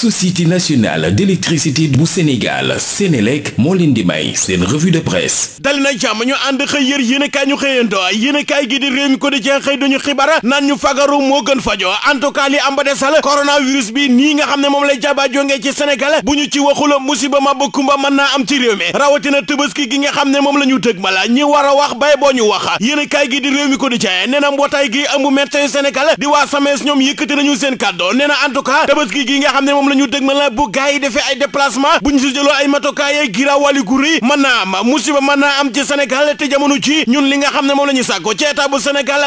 société nationale d'électricité bu Sénégal Sénélec moo leen di may seen revue de presse dali na jàmm ñu ànd xëy yër yéenekaay ñu xëyanto yéenekaay gi di Rewmi Quotidien xëy dañu xibaar naan ñu fagaru moo gën fajo en tout cas li amba desal coronavirus bi nii nga xam ne moom lay jaba jongee ci Sénégal bu ñu ci waxula musiba ma ba kumba mën naa am ci réew mi rawatina Tabaski gi nga xam ne moom la ñu tëg mala ñi war a wax bay boo ñu wax yéenekaay la ñu dëgmal la bu gars yi defee ay déplacement bu ñu si jëloo ay matukaay giraawaali gu rëy mën naa am musiba mën naa am ci Sénégal te jamono ji ñun li nga xam ne moom la ñu sàkko ci état bu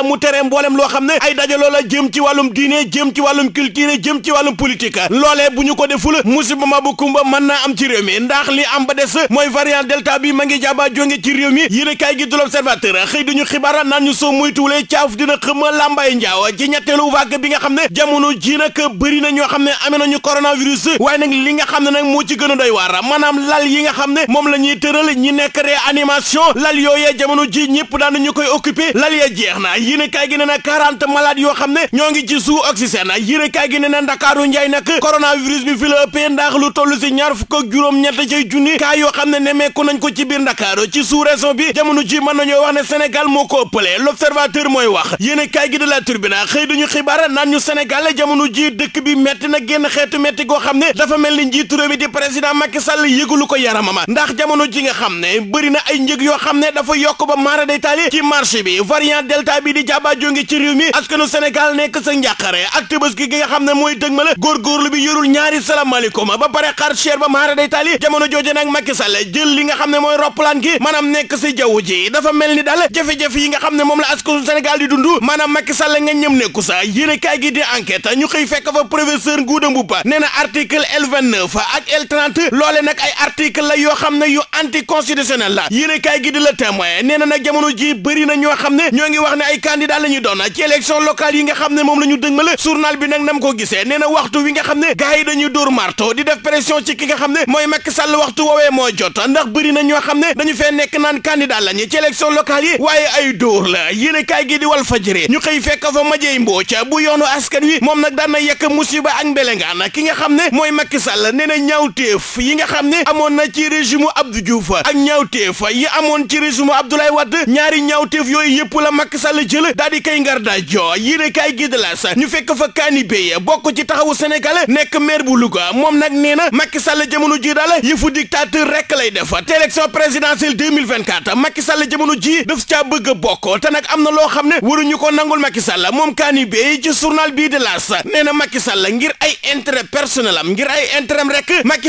mu tere mboolem loo xam ne ay dajaloo la jëm ci wàllum diine jëm ci wàllum culture jëm ci wàllum politique loolee bu ñu ko deful musiba ma bu kumba mën naa am ci réew mi ndax li am ba des mooy variant delta bi ma ngi jaaba jonge ci réew mi yéene kaay gi du l'Observateur xëy duñu xibaar naan ñu soo moytuwulee caaf dina xëma làmbaay njaaw ci ñetteelu vague bi nga xam ne jamono ji nag bëri na ñoo xam ne amee nañu corona coronavirus waaye nag li nga xam ne nag moo ci gën a doy waar maanaam lal yi nga xam ne moom la ñuy tëral ñi nekk réanimation lal yooye jamono ji ñëpp daan ñu koy occupé lal ya jeex na yéen kaay gi ne na quarante malades yoo xam ne ñoo ngi ci sous oxygène yéen kaay gi ne na Ndakaaru Njaay nag coronavirus bi fi la ndax lu toll si ñaar fukk ak juróom ñett ci junni kaay yoo xam ne nemmeeku nañ ko ci biir Ndakaaru ci sous-région bi jamono ji mën nañoo wax ne senegal moo ko ëppale l'observateur mooy wax yéen kaay gi de la Tribune xëy duñu xibaar naan ñu Sénégal jamono dëkk bi metti na génn xeetu metti metti xam ne dafa mel ni njiitu réew mi di président Macky Sall yëgulu ko yaramama ndax jamono ji nga xam ne bëri na ay njëg yoo xam ne dafa yokk ba maara day taali ci marché bi variant delta bi di jaaba jonge ci réew mi askanu Sénégal nekk sa njàqare ak Tabaski gi nga xam ne mooy dëg ma la góorgóorlu bi yorul ñaari salaamaaleykum ba pare xar cher ba maara day taali jamono jooje nag Macky Sall jël li nga xam ne mooy roppalaan gi maanaam nekk si jaww ji dafa mel ni daal jafe yi nga xam ne moom la askanu Sénégal di dund maanaam Macky Sall nga ñëm sa yéene gi di enquête ñu xëy fekk fa professeur Ngouda Mboup nee na article L29 loole nag ay article la yoo xam ne yu anticonstitutionnel la yéen a kaay gi di la témoin nee na nag jamono ji bëri na ñoo xam ne ñoo ngi wax ne ay candidat la ñu doon ci élection locale yi nga xam ne moom la ñu dëgmal journal bi nag nam ko gisee nee na waxtu wi nga xam ne gars yi dañuy dóor marto di def pression ci ki nga xam ne mooy Macky Sall waxtu woowee moo jot ndax bëri na ñoo xam ne dañu fee nekk naan candidat la ñu ci élection locale yi waaye ay dóor la yéen a kaay gi di wal fajëre ñu xëy fekk fa majey mbooca bu yoonu askan wi moom nag daan na yekk musiba ak mbelengaan ki nga nga xam ne mooy Macky Sall nee na ñaawteef yi nga xam ne amoon na ci régime Abdou Diouf ak ñaawteef yi amoon ci régime Abdoulaye Wade ñaari ñaawteef yooyu yëpp la Macky Sall jël daal di kay ngar daajoo yéene kaay gi la sa ñu fekk fa Kani Beye bokk ci taxawu Sénégal nekk maire bu Louga moom nag nee na Macky Sall jamono ji daal yëfu dictateur rek lay def te élection présidentielle 2024 Macky Sall jamono ji daf caa bëgg a bokk te nag am na loo xam ne waruñu ko nangul Macky Sall moom Kani Beye ci journal bii la sa nee na Macky Sall ngir ay intérêt personnel am ngir ay intérêt rek na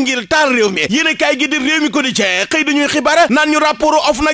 ngir a kaay gi di réew mi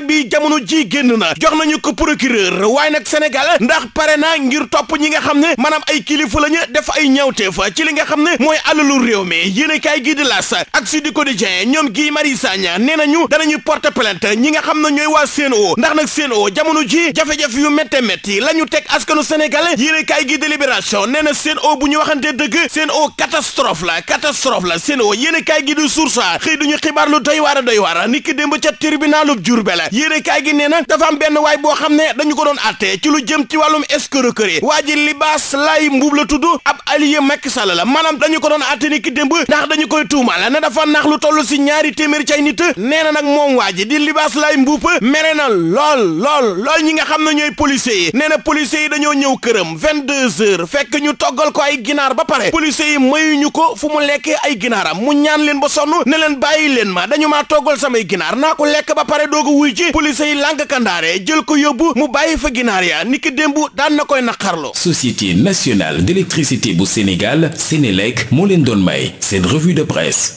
bi jamono ji génn na jox nañu ko procureur waaye nag Sénégal ndax pare na ngir topp ñi nga xam ne maanaam ay kilifa lañu def ay ñawteef ci li nga xam ne mooy alalu réew mi yéen a kaay gi di las ak Sud Quotidien ñoom Guy Marius Sagna nee nañu danañu porter plainte ñi nga xam ne ñooy waa CNO ndax nag CNO jamono ji jafe-jafe yu métte métti la ñu teg askanu Sénégal yéen a kaay gi délibération nee na seen bu ñu waxante dëgg seen eau catastrophe la catastrophe la seen eau yéen a kaay gi di source xëy duñu xibaar lu doy waar a doy waar ni ki démb ca tribunalub la yéen a gi nee na dafa am benn waay boo xam ne dañu ko doon àtte ci lu jëm ci wàllum escroquerie waa ji libaas laay mbuub la tudd ab allié Macky sa la maanaam dañu ko doon àtte ni ki démb ndax dañu koy tuumal ne dafa nax lu toll si ñaari téeméer ci ay nit nee na nag moom waa ji di libaas laay mbuub mere lool lool ñi nga xam ne ñooy policiers yi na policiers yi dañoo ñëw këram vingt-deux heures fekk ñu togg toggal ay ginaar ba pare policiers yi mayuñu ko fu mu lekkee ay ginaaram mu ñaan leen ba sonn ne leen bàyyi leen ma dañu ma toggal samay ginaar naa ko lekk ba pare dooga wuy ci policiers yi làng kandaare jël ko yóbbu mu bàyyi fa ginaar ya niki démb daan na koy na naqarlo société nationale d'électricité bu Sénégal Sénélec moo leen doon may seen revue de presse